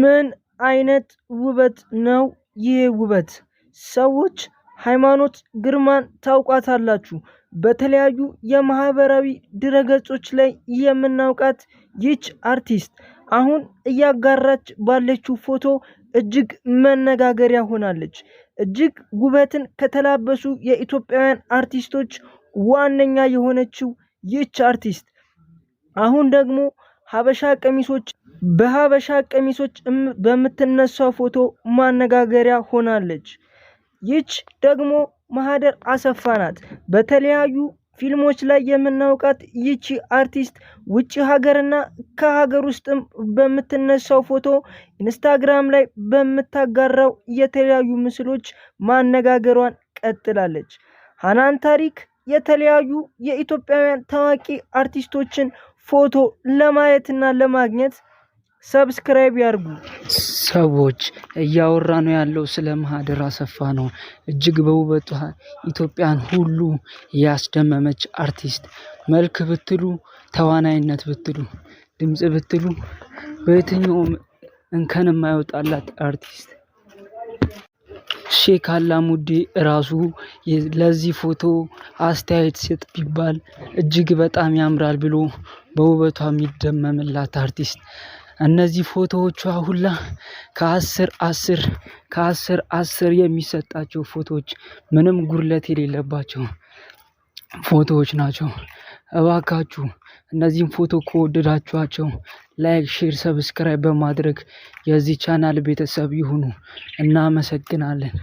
ምን አይነት ውበት ነው ይህ ውበት? ሰዎች ሃይማኖት ግርማን ታውቋታላችሁ? በተለያዩ የማህበራዊ ድረገጾች ላይ የምናውቃት ይች አርቲስት አሁን እያጋራች ባለችው ፎቶ እጅግ መነጋገሪያ ሆናለች። እጅግ ውበትን ከተላበሱ የኢትዮጵያውያን አርቲስቶች ዋነኛ የሆነችው ይች አርቲስት አሁን ደግሞ ሀበሻ ቀሚሶች በሀበሻ ቀሚሶች በምትነሳው ፎቶ ማነጋገሪያ ሆናለች። ይች ደግሞ ማህደር አሰፋ ናት። በተለያዩ ፊልሞች ላይ የምናውቃት ይቺ አርቲስት ውጭ ሀገርና ከሀገር ውስጥም በምትነሳው ፎቶ ኢንስታግራም ላይ በምታጋራው የተለያዩ ምስሎች ማነጋገሯን ቀጥላለች። ሀናን ታሪክ የተለያዩ የኢትዮጵያውያን ታዋቂ አርቲስቶችን ፎቶ ለማየትና ለማግኘት ሰብስክራይብ ያርጉ ሰዎች እያወራ ነው ያለው ስለ ማህደር አሰፋ ነው። እጅግ በውበቷ ኢትዮጵያን ሁሉ ያስደመመች አርቲስት። መልክ ብትሉ፣ ተዋናይነት ብትሉ፣ ድምፅ ብትሉ፣ በየትኛውም እንከን የማይወጣላት አርቲስት ሼክ አላሙዲ ራሱ ለዚህ ፎቶ አስተያየት ሴት ቢባል እጅግ በጣም ያምራል ብሎ በውበቷ የሚደመምላት አርቲስት እነዚህ ፎቶዎቿ ሁላ ከአስር አስር ከአስር አስር የሚሰጣቸው ፎቶዎች ምንም ጉድለት የሌለባቸው ፎቶዎች ናቸው። እባካችሁ እነዚህም ፎቶ ከወደዳችኋቸው ላይክ፣ ሼር፣ ሰብስክራይብ በማድረግ የዚህ ቻናል ቤተሰብ ይሁኑ። እናመሰግናለን።